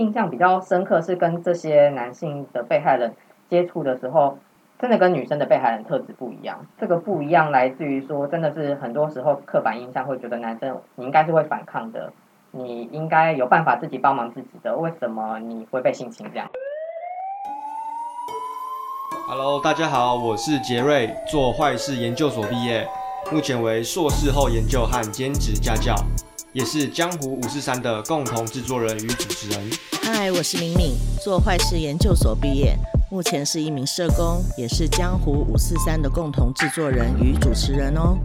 印象比較深刻是跟這些男性的被害人接觸的時候，真的跟女生的被害人特質不一樣。這個不一樣來自於說，真的是很多時候刻板印象會覺得男生你應該是會反抗的，你應該有辦法自己幫忙自己的，為什麼你會被性侵這樣？Hello，大家好，我是杰瑞，做壞事研究所畢業，目前為碩士後研究和兼職家教。也是江湖五四三的共同製作人與主持人。嗨，我是鳴敏，做壞事研究所畢業，目前是一名社工，也是江湖五四三的共同製作人與主持人哦。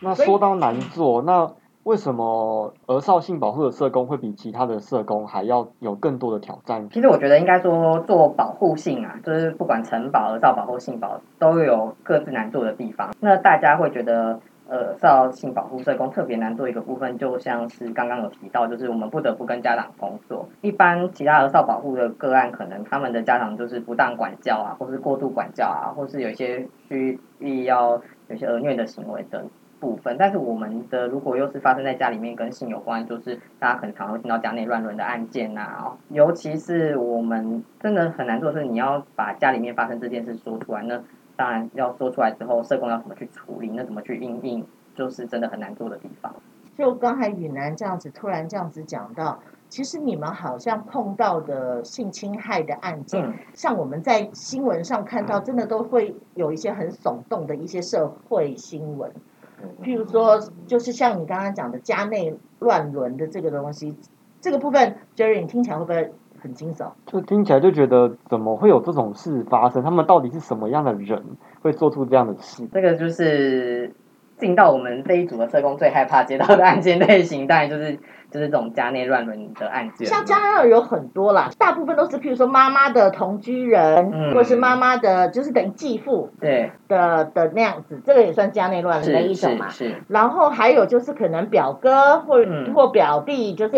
那說到難做，那。為什麼兒少性保護的社工會比其他的社工還要有更多的挑戰？其實我覺得應該說做保護性啊，就是不管成保、兒少保護、性保都有各自難做的地方。那大家會覺得呃，兒少性保護社工特別難做一個部分，就像是剛剛有提到，就是我們不得不跟家長工作。一般其他兒少保護的個案，可能他們的家長就是不當管教啊，或是過度管教啊，或是有一些需必要有些兒虐的行為等。部分，但是我們的如果又是發生在家裡面跟性有關，就是大家很常會聽到家內亂倫的案件吶、啊、哦，尤其是我們真的很難做，是你要把家裡面發生這件事說出來呢？那當然要說出來之後，社工要怎麼去處理，那怎麼去應應？就是真的很難做的地方。就剛才雨男這樣子突然這樣子講到，其實你們好像碰到的性侵害的案件，嗯、像我們在新聞上看到，真的都會有一些很聳動的一些社會新聞。譬如說，就是像你剛剛講的家內亂倫的這個東西，這個部分傑瑞，你聽起來會不會很驚悚？就聽起來就覺得，怎麼會有這種事發生？他們到底是什麼樣的人，會做出這樣的事？這個就是。進到我們這一組的社工最害怕接到的案件類型，當然就是就是這種家內亂倫的案件。像家內亂倫有很多啦，大部分都是譬如說媽媽的同居人，嗯、或者是媽媽的，就是等於繼父的對的的那樣子，這個也算家內亂倫的一種嘛。是，是是然後還有就是可能表哥或，嗯、或表弟，就是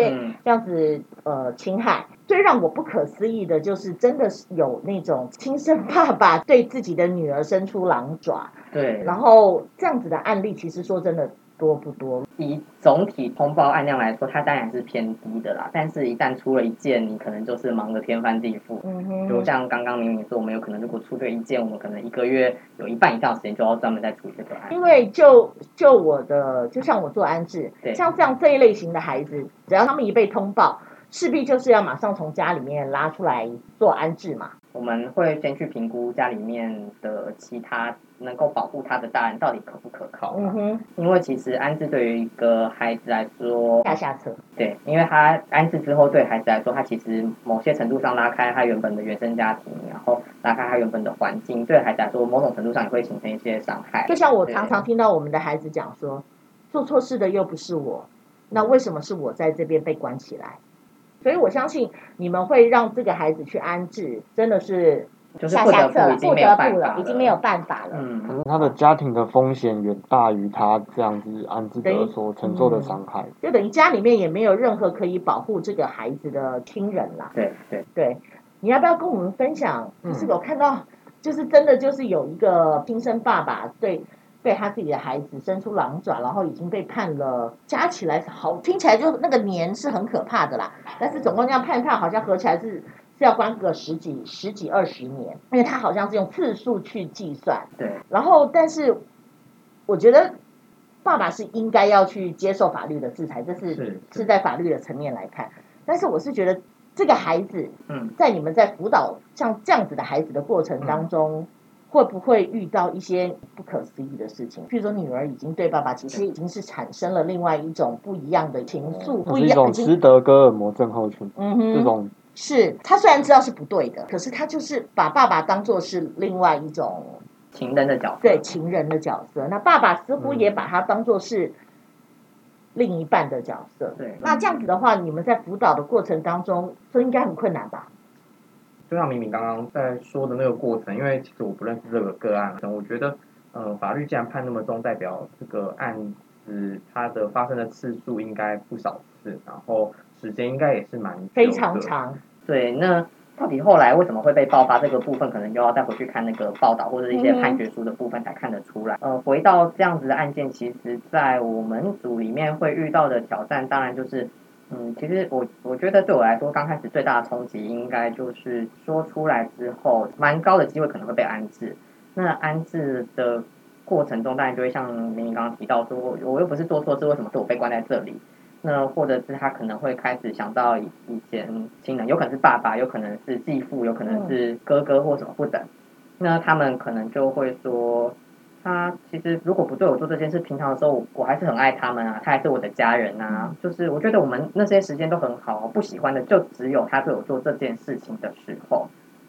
這樣子、嗯、呃侵害。最讓我不可思議的就是，真的是有那種親生爸爸對自己的女兒伸出狼爪。對，然後這樣子的案例，其實說真的多不多？以總體通報案量來說，它當然是偏低的啦。但是，一旦出了一件，你可能就是忙得天翻地覆。嗯哼，就像剛剛明明說，我們有可能如果出對一件，我們可能一個月有一半以上時間就要專門在處理這個案。因為就就我的，就像我做安置，對像這樣這一類型的孩子，只要他們一被通報。勢必就是要馬上從家裡面拉出來做安置嘛。我們會先去評估家裡面的其他能夠保護他的大人到底可不可靠。嗯哼。因為其實安置對於一個孩子來說，下下策。對，因為他安置之後，對孩子來說，他其實某些程度上拉開他原本的原生家庭，然後拉開他原本的環境，對孩子來說，某種程度上也會形成一些傷害。就像我常常聽到我們的孩子講說，對做錯事的又不是我，那為什麼是我在這邊被關起來？所以我相信你們會讓這個孩子去安置，真的是下下策了，不得不了，已經沒有辦法了。嗯，可能他的家庭的風險遠大於他這樣子安置得所承受的傷害。嗯。就等於家裡面也沒有任何可以保護這個孩子的親人了。對對對，你要不要跟我們分享？就是否看到，嗯、就是真的就是有一個親生爸爸對。被他自己的孩子伸出狼爪，然後已經被判了，加起來好，聽起來就那個年是很可怕的啦。但是總共這樣判判，好像合起來是是要關個十幾、十幾二十年，因為他好像是用次數去計算。對。然後，但是我覺得爸爸是應該要去接受法律的制裁，這是是在法律的層面來看。但是我是覺得這個孩子，嗯，在你們在輔導像這樣子的孩子的過程當中。嗯嗯會不會遇到一些不可思議的事情？比如說，女兒已經對爸爸其實已經是產生了另外一種不一樣的情愫，嗯、不一樣的情。是一種斯德哥爾摩症候群，嗯哼，這種是她雖然知道是不對的，可是她就是把爸爸當做是另外一種情人的角色，對情人的角色。那爸爸似乎也把他當做是另一半的角色，嗯、對。那這樣子的話，你們在輔導的過程當中，這應該很困難吧？就像鳴敏剛剛在說的那個過程，因為其實我不認識這個個案，我覺得，呃，法律既然判那麼重，代表這個案子它的發生的次數應該不少次，然後時間應該也是蠻非常長。對，那到底後來為什麼會被爆發這個部分，可能就要再回去看那個報道或者一些判決書的部分才看得出來。嗯、呃，回到這樣子的案件，其實，在我們組裡面會遇到的挑戰，當然就是。嗯，其實我我覺得對我來說，剛開始最大的衝擊應該就是說出來之後，蠻高的機會可能會被安置。那安置的過程中，當然就會像鳴敏剛剛提到說，我又不是做錯事，為什麼是我被關在這裡？那或者是他可能會開始想到以前親人，有可能是爸爸，有可能是繼父，有可能是哥哥或什麼不等。那他們可能就會說。他其實如果不對我做這件事，平常的時候我我還是很愛他們啊，他還是我的家人呐、啊。嗯、就是我覺得我們那些時間都很好，不喜歡的就只有他對我做這件事情的時候。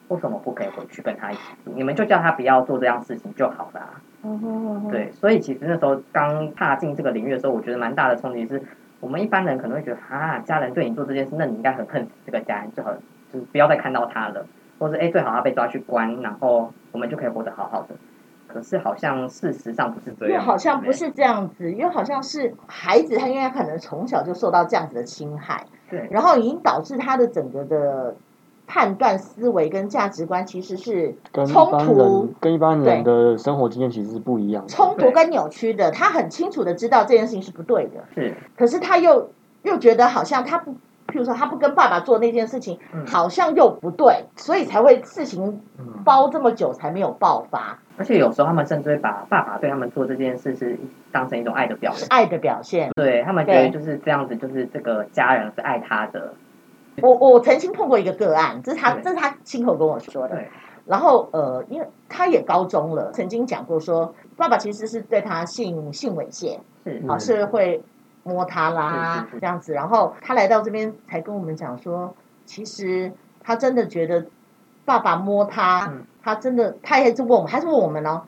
為什麼不可以回去跟他一起住？你們就叫他不要做這樣事情就好了、啊。嗯對，所以其實那時候剛踏進這個領域的時候，我覺得蠻大的衝擊是，我們一般人可能會覺得啊，家人對你做這件事，那你應該很恨這個家人，就很，就是不要再看到他了，或是誒，最好他被抓去關，然後我們就可以活得好好的。可是好像事實上不是這樣的，因為好像不是這樣子，因為好像是孩子，他應該可能從小就受到這樣子的侵害，對，然後已經導致他的整個的判斷、思維跟價值觀其實是衝突，跟一，對跟一般人的生活經驗其實是不一樣的，對衝突跟扭曲的。他很清楚的知道這件事情是不對的，是對，可是他又又覺得好像他不。譬如說，他不跟爸爸做那件事情，好像又不對，所以才會事情包這麼久才沒有爆發。而且有時候他們甚至會把爸爸對他們做這件事是當成一種愛的表現，愛的表現，對他們覺得就是這樣子，對就是這個家人是愛他的。我我曾經碰過一個個案，這是他對這是他親口跟我說的。對然後呃，因為他也高中了，曾經講過說，爸爸其實是對他性性猥褻，是啊，好是會。摸他啦，對對對，這樣子，然後他來到這邊才跟我們講說，其實他真的覺得爸爸摸他，嗯、他真的，他還是問我們，還是問我們哦，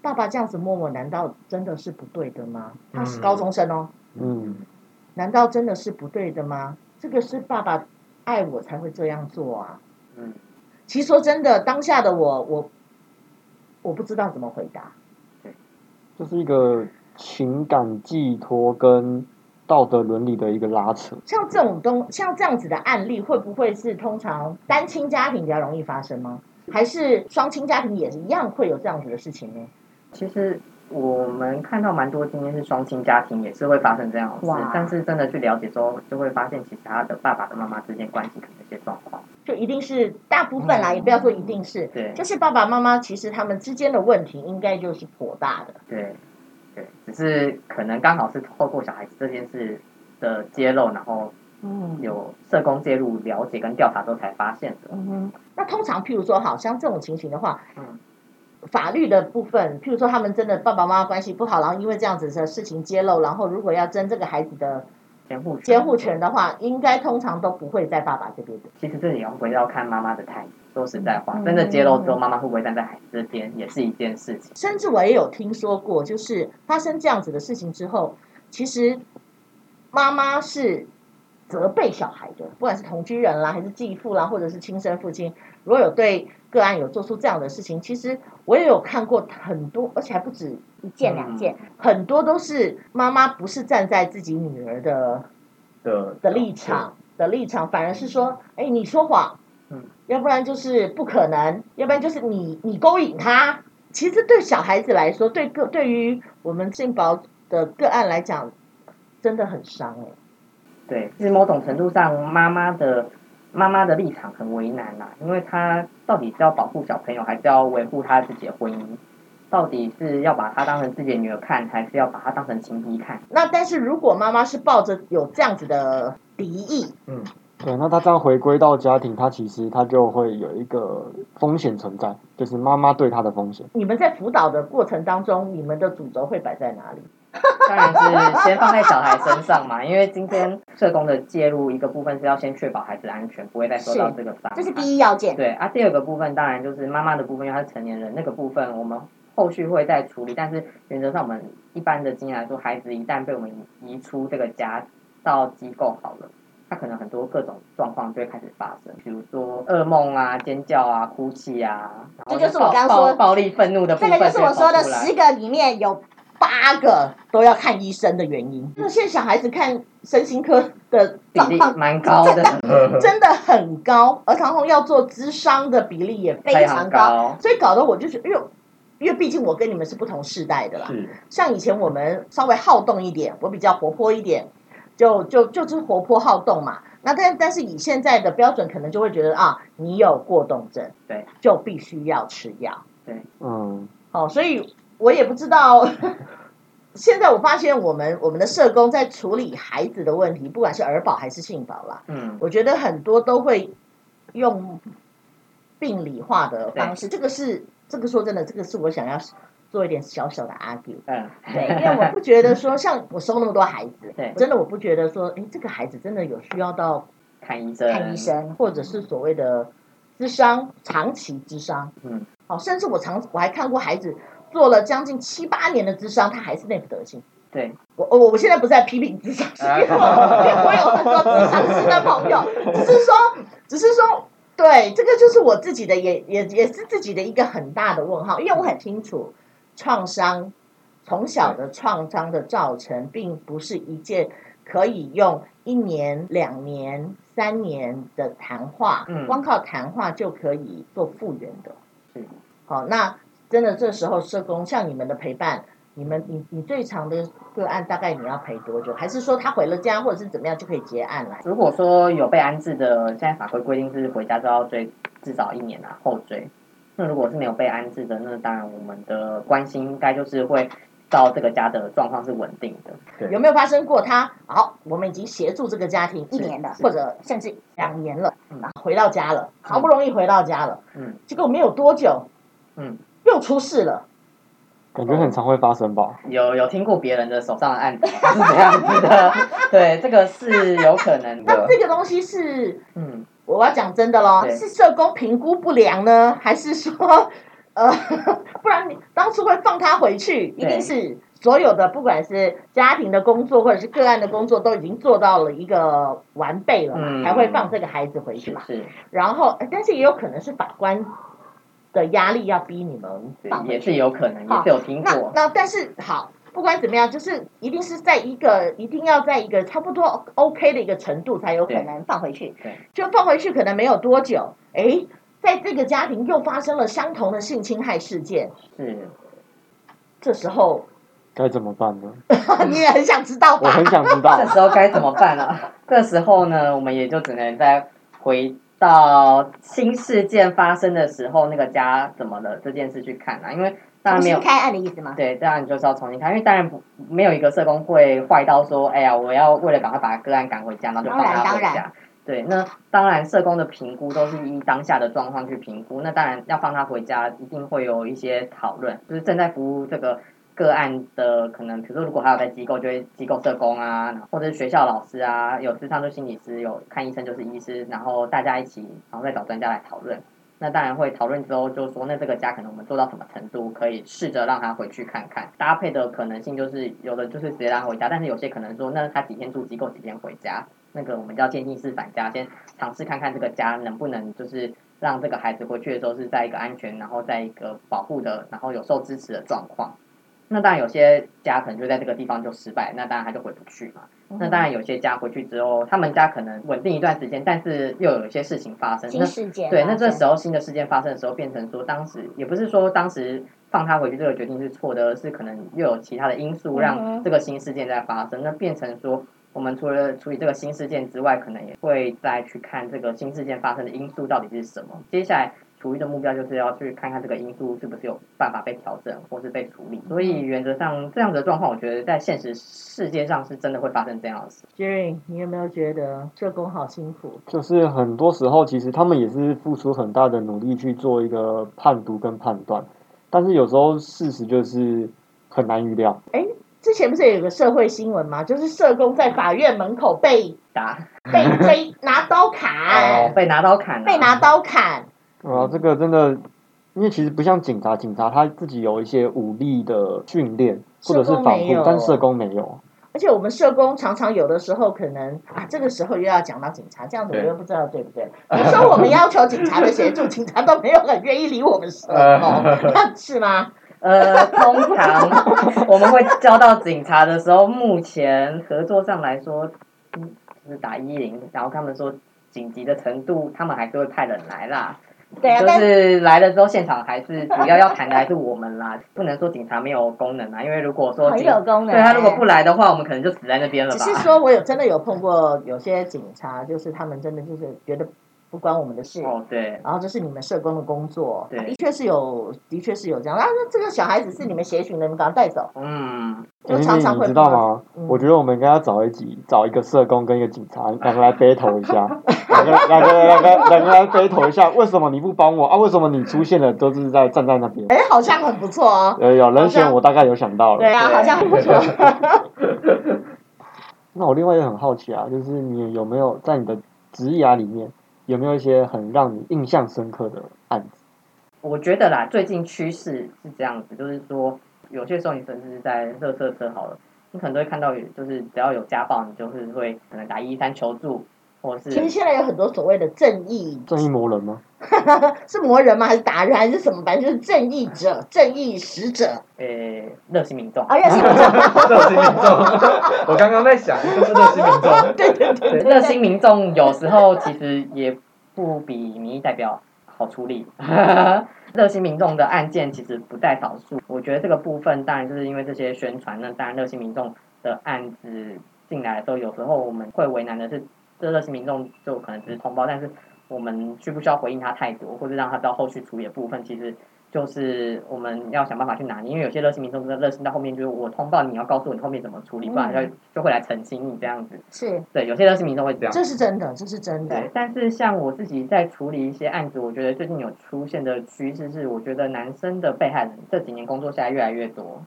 爸爸這樣子摸我，難道真的是不對的嗎？他是高中生哦，嗯，難道真的是不對的嗎？這個是爸爸愛我才會這樣做啊。嗯，其實說真的，當下的我，我我不知道怎麼回答。對，就是一個情感寄托跟。道德倫理的一個拉扯，像這種東，像這樣子的案例，會不會是通常單親家庭比較容易發生嗎？還是雙親家庭也是一樣會有這樣子的事情呢？其實我們看到蠻多，今天是雙親家庭也是會發生這樣子，哇但是真的去了解之後，就會發現其他的爸爸跟媽媽之間關係可能一些狀況，就一定是大部分啦，嗯、也不要說一定是，對、嗯，就是爸爸媽媽其實他們之間的問題應該就是頗大的，對。對，只是可能剛好是透過小孩子這件事的揭露，然後有社工介入了解跟調查之後才發現的。嗯，那通常譬如說，好像這種情形的話，法律的部分，譬如說他們真的爸爸媽媽關係不好，然後因為這樣子的事情揭露，然後如果要爭這個孩子的監護監護權的話，應該通常都不會在爸爸這邊。其實這也要回到看媽媽的態度。說實在話，真的揭露之後媽媽會不會站在孩子這邊、嗯嗯、也是一件事情。甚至我也有聽說過，就是發生這樣子的事情之後，其實媽媽是責備小孩的，不管是同居人啦，還是繼父啦，或者是親生父親，如果有對個案有做出這樣的事情，其實我也有看過很多，而且還不止一件兩件，嗯、很多都是媽媽不是站在自己女兒的的得的立場對的立場，反而是說，哎、欸，你說謊。要不然就是不可能，要不然就是你你勾引他。其實對小孩子來說，對個對於我們性保的個案來講，真的很傷、欸、對，其實某種程度上，媽媽的媽媽的立場很為難啦、啊，因為她到底是要保護小朋友，還是要維護她自己的婚姻？到底是要把她當成自己的女兒看，還是要把她當成情敵看？那但是如果媽媽是抱着有這樣子的敵意，嗯。對，那他這樣回歸到家庭，他其實他就會有一個風險存在，就是媽媽對他的風險。你們在輔導的過程當中，你們的主軸會擺在哪裡？當然是先放在小孩身上嘛，因為今天社工的介入一個部分是要先確保孩子的安全，不會再受到這個傷害，這是第一要件。對啊，第二個部分當然就是媽媽的部分，因為他是成年人，那個部分我們後續會再處理。但是原則上，我們一般的經驗來說，孩子一旦被我們移出這個家到機構好了。他可能很多各種狀況就會開始發生，比如說噩夢啊、尖叫啊、哭泣啊，這就是我剛，剛說的暴，暴力憤怒的部分。這個就是我說的十個裡面有八個都要看醫生的原因。那、嗯、現在小孩子看身心科的比例蠻高的，真的很高。而童紅要做智商的比例也非常高，高所以搞得我就覺得，因為因為畢竟我跟你們是不同世代的啦。是像以前我們稍微好動一點，我比較活潑一點。就就就是活潑好動嘛，那但但是以現在的標準，可能就會覺得啊，你有過動症，對、啊，就必須要吃藥，對，嗯，好、哦，所以我也不知道。現在我發現，我們我們的社工在處理孩子的問題，不管是兒保還是性保啦，嗯，我覺得很多都會用病理化的方式，對這個是這個說真的，這個是我想要做一點小小的阿 Q 嗯，對，因為我不覺得說，像我收那麼多孩子，對，真的我不覺得說，哎、欸，這個孩子真的有需要到看醫生、看醫生，或者是所謂的諮商長期諮商，嗯，好、哦，甚至我常我還看過孩子做了將近七八年的諮商，他還是那副德行。對，我我我現在不是在批評諮商，是因為我有很多諮商低的朋友，只是說，只是說，對，這個就是我自己的，也也也是自己的一個很大的問號，因為我很清楚。創傷，從小的創傷的造成，並不是一件可以用一年、兩年、三年的談話，嗯、光靠談話就可以做復原的。是，好，那真的這時候社工像你們的陪伴，你們你你最長的個案大概你要陪多久？還是說他回了家或者是怎麼樣就可以結案了？如果說有被安置的，現在法規規定是回家都要追至少一年啊，後追。那如果是沒有被安置的，那當然我們的關心應該就是會到這個家的狀況是穩定的，對有沒有發生過他？他好，我們已經協助這個家庭一年了，或者甚至兩年了，回到家了，嗯，好不容易回到家了，嗯，結果沒有多久，嗯，又出事了，感覺很常會發生吧？有有聽過別人的手上的案子是怎樣子的， 對，這個是有可能的。 那這個東西是嗯。我要講真的咯，對是社工評估不良呢，還是說呃，不然你當初會放他回去？對一定是所有的，不管是家庭的工作或者是個案的工作，嗯、都已經做到了一個完備了嘛，嗯、才會放這個孩子回去嘛。是，是，然後但是也有可能是法官的壓力要逼你們放，也是有可能，可能也是有聽過。那，那但是好。不管怎麼樣，就是一定是在一個一定要在一個差不多 OK 的一個程度才有可能放回去。對，對，就放回去可能沒有多久，哎，在這個家庭又發生了相同的性侵害事件。是，這時候該怎麼辦呢？ 你也很想知道。嗯，我很想知道。 這時候該怎麼辦啊？這時候呢，我們也就只能再回到新事件發生的時候，那個家怎麼了這件事去看啊，因為。重新開案的意思嗎？對，當然你就是要重新開，因為當然不沒有一個社工會壞到說，哎呀，我要為了趕快把個案趕回家，然後就放他回家。對，那當然社工的評估都是依當下的狀況去評估。那當然要放他回家，一定會有一些討論，就是正在服務這個個案的可能，比如說如果還有在機構，就會機構社工啊，或者是學校老師啊，有諮商就是心理師，有看醫生就是醫師，然後大家一起然後再找專家來討論。那當然會討論之後，就說，那這個家可能我們做到什麼程度，可以試着讓他回去看看搭配的可能性，就是有的就是直接拉回家，但是有些可能說，那他幾天住機構，幾天回家，那個我們叫漸進式返家，先嘗試看看這個家能不能就是讓這個孩子回去的時候是在一個安全，然後在一個保護的，然後有受支持的狀況。那當然，有些家可能就在這個地方就失敗，那當然他就回不去嘛。嗯、哼那當然，有些家回去之後，他們家可能穩定一段時間，但是又有一些事情發生。新事件、啊。對，那這時候新的事件發生的時候，變成說當時也不是說當時放他回去這個決定是錯的，而是可能又有其他的因素讓這個新事件在發生。嗯、哼那變成說，我們除了處理這個新事件之外，可能也會再去看這個新事件發生的因素到底是什麼。接下來。處理的目標就是要去看看這個因素是不是有辦法被調整或是被處理。所以原則上，這樣的狀況，我覺得在現實世界上是真的會發生這樣子。Jerry，你有沒有覺得社工好辛苦？就是很多時候，其實他們也是付出很大的努力去做一個判讀跟判斷，但是有時候事實就是很難預料。欸，之前不是有個社會新聞嗎？就是社工在法院門口被打，被被拿刀砍，被拿刀砍，被拿刀砍。嗯、啊，這個真的，因為其實不像警察，警察他自己有一些武力的訓練或者是防護，社但社工沒有。而且我們社工常常有的時候可能啊，這個時候又要講到警察，這樣子我又不知道對，對不對？你說我們要求警察的協助，警察都沒有很願意理我們， 是嗎？呃，通常我們會叫到警察的時候，目前合作上來說，就是打一零，然後他們說緊急的程度，他們還是會派人來啦。對啊，就是來了之後，現場還是主要要談的還是我們啦， 不能說警察沒有功能啦，因為如果說，沒有功能，欸，對，他如果不來的話，我們可能就死在那邊了吧。只是說，我有真的有碰過有些警察，就是他們真的就是覺得。不關我們的事哦，對，然後這是你們社工的工作，的確是有，的確是有這樣。那這個小孩子是你們協尋的，你們把他帶走。嗯，你知道嗎？我覺得我們應該要找一集，找一個社工跟一個警察，兩個來 battle 一下，兩個，兩個，兩個，兩個來 battle 一下。為什麼你不幫我啊？為什麼你出現的都是在站在那邊？哎，好像很不錯哦。哎呀，人選我大概有想到了。對啊，好像很不錯。那我另外也很好奇啊，就是你有沒有在你的職業裡面？有沒有一些很讓你印象深刻的案子？我覺得啦，最近趨勢是這樣子，就是說，有些時候你甚至是在垃圾車好了，你可能都會看到，就是只要有家暴，你就是會可能打113求助。是其實現在有很多所謂的正義，正義魔人嗎？ 是魔人嗎？還是打人還是什麼？反正就是正義者、正義使者，呃、欸，熱心民眾。 熱心民眾， 我剛剛在想，就是熱心民眾。 對對對，對，熱心民眾有時候其實也不比民意代表好處理。 熱心民眾的案件其實不在少數。我覺得這個部分當然就是因為這些宣傳呢，當然熱心民眾的案子進來的時候，有時候我們會為難的是。這熱心民眾就可能只是通報，但是我們需不需要回應他太多，或者讓他到後續處理的部分，其實就是我們要想辦法去拿捏。因為有些熱心民眾，真的熱心到後面就是我通報你，要告訴我你後面怎麼處理，嗯、不然就會來澄清你這樣子。是，對，有些熱心民眾會這樣。這是真的，這是真的對。但是像我自己在處理一些案子，我覺得最近有出現的趨勢是，我覺得男生的被害人這幾年工作下來越來越多，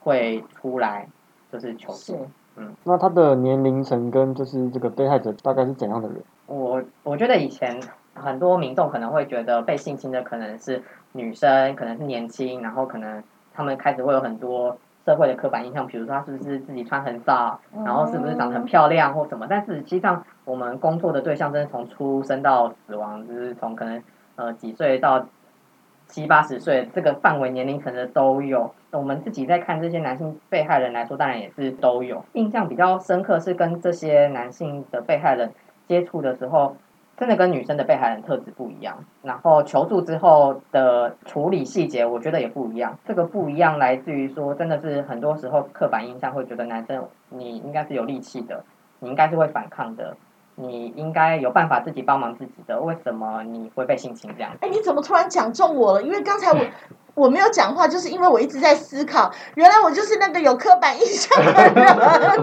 會出來就是求助。是嗯，那他的年齡層跟就是這個被害者大概是怎樣的人？我我覺得以前很多民眾可能會覺得被性侵的可能是女生，可能是年輕，然後可能他們開始會有很多社會的刻板印象，比如說他是不是自己穿很少，然後是不是長得很漂亮或什麼。嗯、但是實際上，我們工作的對象真的從出生到死亡，就是從可能呃幾歲到。七八十歲這個範圍年齡可能都有，我們自己在看這些男性被害人來說，當然也是都有。印象比較深刻是跟這些男性的被害人接觸的時候，真的跟女生的被害人特質不一樣。然後求助之後的處理細節，我覺得也不一樣。這個不一樣來自於說，真的是很多時候刻板印象會覺得男生你應該是有力氣的，你應該是會反抗的。你應該有辦法自己幫忙自己的，為什麼你會被性侵這樣？哎，你怎麼突然講中我了？因為剛才我我沒有講話，就是因為我一直在思考，原來我就是那個有刻板印象的人，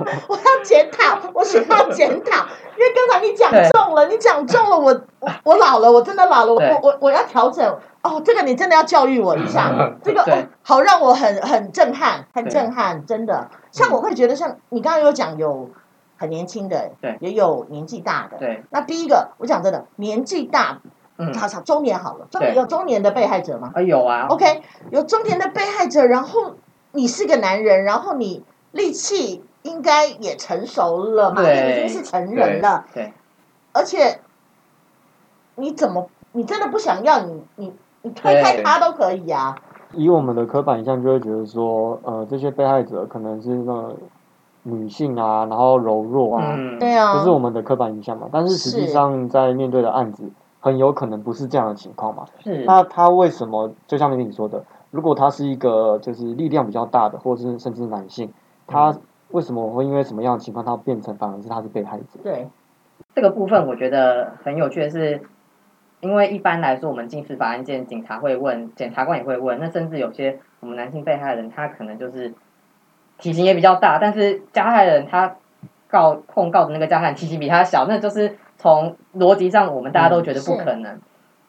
我要檢討，我需要檢討。因為剛才你講中了，對你講中了我，我我我老了，我真的老了，對我我我要調整。哦，這個你真的要教育我一下， 這個、哦、好讓我很很震撼，很震撼，對真的。像我會覺得，像你剛剛有講有。很年輕的，對也有年紀大的，對。那第一個，我講真的，年紀大，嗯，好，中年好了，中年對有中年的被害者嗎？啊有啊。OK，有中年的被害者，然後你是個男人，然後你力氣應該也成熟了嘛，對對已經是成人了，對。對而且，你怎麼，你真的不想要，你，你推開他都可以啊。以我們的刻板印象就會覺得說，呃，這些被害者可能是那。呃女性啊，然後柔弱啊，對啊、嗯，這是我們的刻板印象嘛。是，但是實際上，在面對的案子，很有可能不是這樣的情況嘛。是，那他為什麼？就像剛剛你說的，如果他是一個就是力量比較大的，或者是甚至男性，嗯、他為什麼會因為什麼樣的情況，他變成反而是他是被害者？對，這個部分我覺得很有趣的是，因為一般來說，我們刑事法案件，警察會問，檢察官也會問，那甚至有些我們男性被害的人，他可能就是。體型也比較大，但是加害人他告控告的那個加害人體型比他小，那就是從邏輯上我們大家都覺得不可能。嗯、是。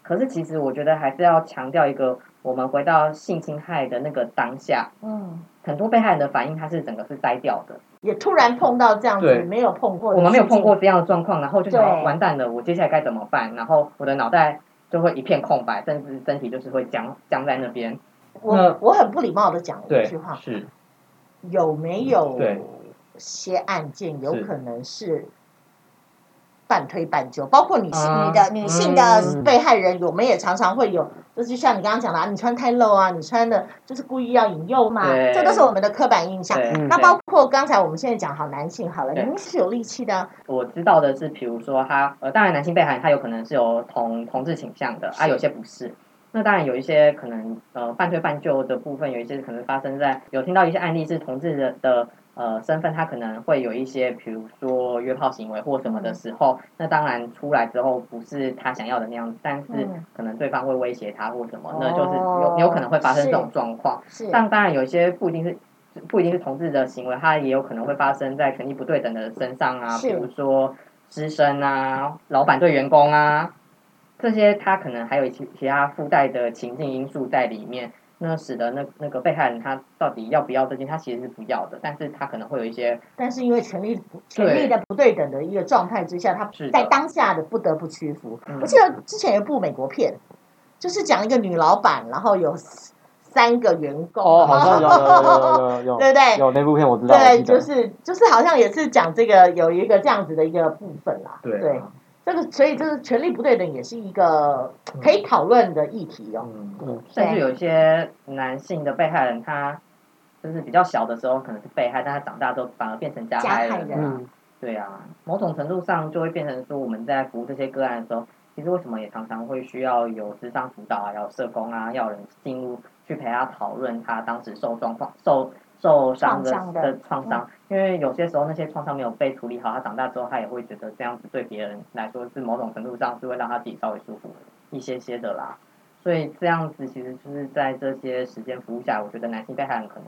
可是其實我覺得還是要強調一個，我們回到性侵害的那個當下，嗯，很多被害人的反應，他是整個是呆掉的，也突然碰到這樣子、嗯、對，沒有碰過，我們沒有碰過這樣的狀況，然後就想完蛋了，我接下來該怎麼辦？然後我的腦袋就會一片空白，甚至身體就是會僵僵在那邊。那我我很不禮貌的講了一句話是。有沒有些案件，有可能是半推半就？包括女性的、啊、女性的被害人，嗯、我們也常常會有。就是就像你剛剛講的，你穿太露啊，你穿的就是故意要引誘嘛。對這都是我們的刻板印象。對那包括剛才我們現在講好男性，好了，男性對是有力氣的、啊。我知道的是，比如說他，呃，當然男性被害人他有可能是有同同志傾向的，是啊，有些不是。那當然有一些可能，呃，半推半就的部分，有一些可能發生在有聽到一些案例是同志的的呃身份，他可能會有一些比如說約炮行為或什麼的時候，嗯、那當然出來之後不是他想要的那樣，但是可能對方會威脅他或什麼，嗯、那就是有有可能會發生這種狀況。哦、但當然有一些不一定是不一定是同志的行為，他也有可能會發生在權力不對等的身上啊，是比如說師生啊，老板對員工啊。嗯嗯這些他可能還有一些其他附帶的情境因素在裡面，那使得那那個被害人他到底要不要這些，他其實是不要的，但是他可能會有一些，但是因為權力權力的不對等的一個狀態之下，他在當下的不得不屈服。我記得之前有一部美國片，嗯、就是講一個女老闆，然後有三個員工，哦，好像有，有，有，有，有，有 對不對？有那部片我知道，對，對，就是就是好像也是講這個有一個這樣子的一個部分啦，對，啊、對。這個，所以就是權力不對等，也是一個可以討論的議題哦。甚至、嗯嗯、對有一些男性的被害人，他就是比較小的時候可能是被害，但他長大之後反而變成加害人，啊。嗯、啊。對啊，某種程度上就會變成說，我們在服務這些個案的時候，其實為什麼也常常會需要有諮商輔導啊，然後社工啊，要人進入去陪他討論他當時受狀況受。受傷的的創傷，嗯、因為有些時候那些創傷沒有被處理好，他長大之後他也會覺得這樣子對別人來說是某種程度上是會讓他自己稍微舒服一些些的啦。所以這樣子其實就是在這些時間服務下來，我覺得男性被害人可能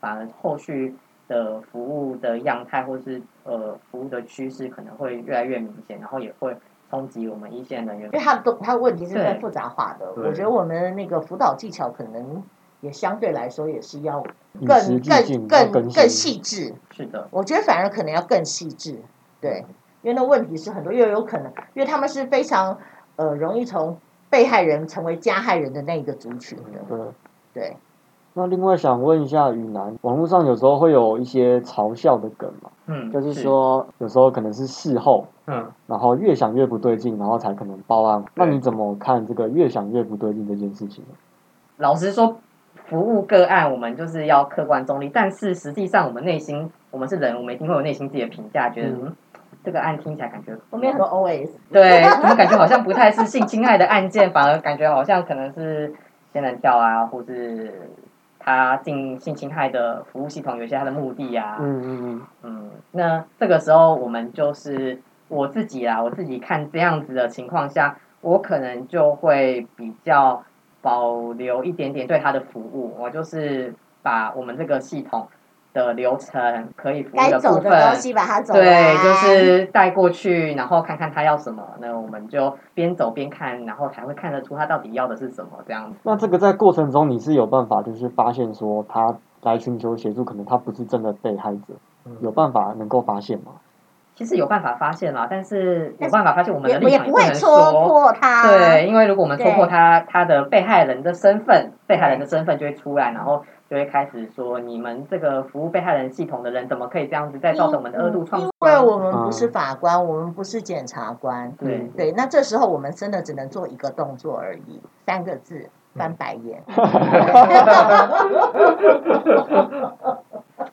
反而後續的服務的樣態或是呃服務的趨勢可能會越來越明顯，然後也會衝擊我們一線人員，因為他的他的問題是很複雜化的。對 我覺得我們那個輔導技巧可能。也相對來說也是要更、與時俱進，更、更更細緻。是的，我覺得反而可能要更細緻，對，因為那問題是很多，又有可能，因為他們是非常呃容易從被害人成為加害人的那一個族群的。嗯，對。那另外想問一下，雨男，網絡上有時候會有一些嘲笑的梗嘛。嗯，就是說有時候可能是事後，嗯，然後越想越不對勁，然後才可能報案。那你怎麼看這個越想越不對勁這件事情？老實說。服務個案，我們就是要客觀中立，但是實際上我們內心，我們是人，我們一定會有內心自己的評價，覺得嗯，這個案聽起來感覺我沒有說 always，對我們對怎麼感覺好像不太是性侵害的案件， 反而感覺好像可能是仙人跳啊，或是他進性侵害的服務系統有些他的目的啊，嗯嗯嗯嗯，那這個時候我們就是我自己啦，我自己看這樣子的情況下，我可能就會比較。保留一點點對他的服務，我就是把我們這個系統的流程可以該走的部分，東西把它走對，就是帶過去，然後看看他要什麼，那我們就邊走邊看，然後才會看得出他到底要的是什麼這樣。那這個在過程中你是有辦法，就是發現說他來尋求協助，可能他不是真的被害者，嗯、有辦法能夠發現嗎？其實有辦法發現啦，但是有辦法發現，我們的立場也不能說。也不會戳破他啊、對，因為如果我們戳破他，對他的被害人的身份，被害人的身份就會出來，對然後就會開始說你們這個服務被害人系統的人怎麼可以這樣子再造成我們的二度創傷？因為我們不是法官，嗯、我們不是檢察官。嗯、對對，那這時候我們真的只能做一個動作而已，三個字：翻白眼。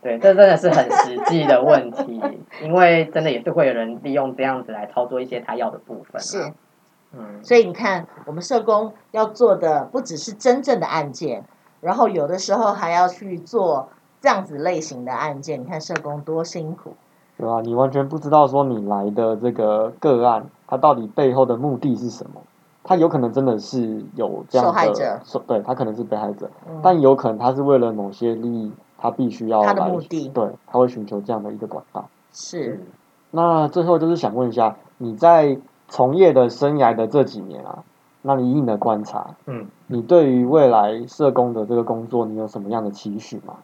對，這真的是很實際的問題， 因為真的也是會有人利用這樣子來操作一些他要的部分啊。是，嗯，所以你看，我們社工要做的不只是真正的案件，然後有的時候還要去做這樣子類型的案件。你看社工多辛苦。對啊，你完全不知道說你來的這個個案，他到底背後的目的是什麼？他有可能真的是有這樣的受害者，對，他可能是被害者，但有可能他是為了某些利益。他必須要來，他的目的，對，他會尋求這樣的一個管道。是、嗯，那最後就是想問一下，你在從業的生涯的這幾年啊，那你硬的觀察，嗯，你對於未來社工的這個工作，你有什麼樣的期許嗎？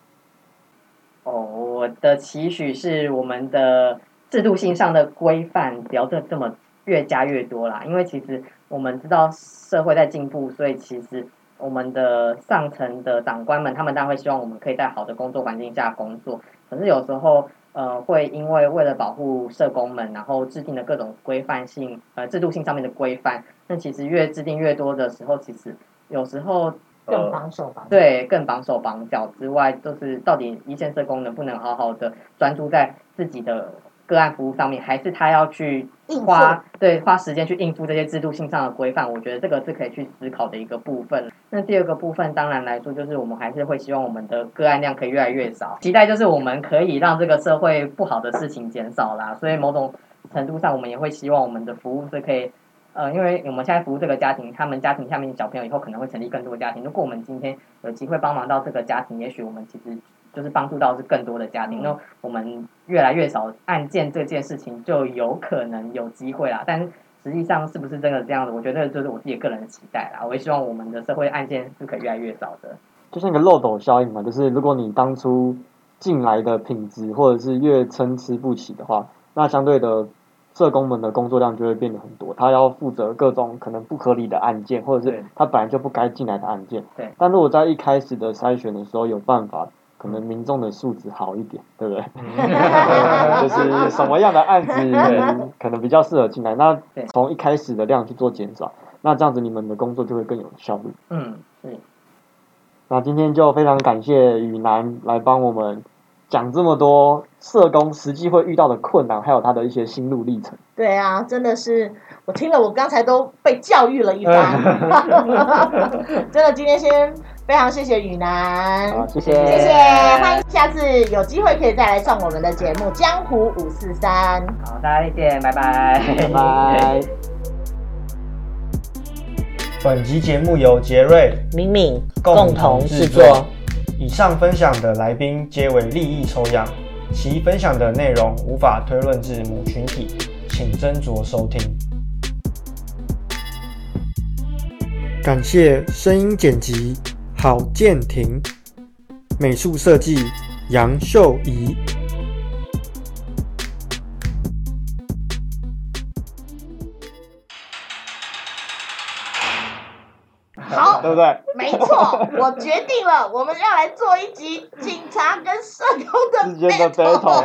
哦，我的期許是，我們的制度性上的規範不要這這麼越加越多啦，因為其實我們知道社會在進步，所以其實。我們的上層的長官們，他們當然會希望我們可以在好的工作環境下工作。可是有時候，呃，會因為為了保護社工們，然後制定了各種規範性，呃制度性上面的規範，那其實越制定越多的時候，其實有時候、呃、更綁手綁，對更綁手、綁腳之外，就是到底一線社工能不能好好的專注在自己的。個案服務上面，還是他要去花應付，對，花時間去應付這些制度性上的規範，我覺得這個是可以去思考的一個部分。那第二個部分，當然來說，就是我們還是會希望我們的個案量可以越來越少，期待就是我們可以讓這個社會不好的事情減少啦。所以某種程度上，我們也會希望我們的服務是可以，呃，因為我們現在服務這個家庭，他們家庭下面小朋友以後可能會成立更多的家庭。如果我們今天有機會幫忙到這個家庭，也許我們其實。就是幫助到是更多的家庭，那我們越來越少案件這件事情就有可能有機會啦。但實際上是不是真的這樣子？我覺得就是我自己個人的期待啦。我也希望我們的社會案件是可以越來越少的。就像一個漏斗效應嘛，就是如果你當初進來的品質或者是越參差不齊的話，那相對的社工們的工作量就會變得很多，他要負責各種可能不合理的案件，或者是他本來就不該進來的案件。對。但如果在一開始的篩選的時候有辦法。可能民眾的素質好一點，對不對？ 就是什麼樣的案子可能比較適合進來？那從一開始的量去做減少，那這樣子你們的工作就會更有效率。嗯，對。那今天就非常感謝雨男來幫我們。講這麼多社工實際會遇到的困難，還有他的一些心路歷程。對啊，真的是我聽了，我剛才都被教育了一番。 真的，今天先非常謝謝雨男，好，謝謝，謝謝，歡迎下次有機會可以再來上我們的節目《江湖五四三》。好，大家再見，拜拜，拜拜。本集節目由杰瑞、鳴敏共同制作。以上分享的來賓皆為立意抽樣，其分享的內容無法推論至母群體，請斟酌收聽。感謝聲音剪輯郝建廷，美術設計楊琇詒。對不對？沒錯，我決定了， 我們要來做一集警察跟社工的 battle。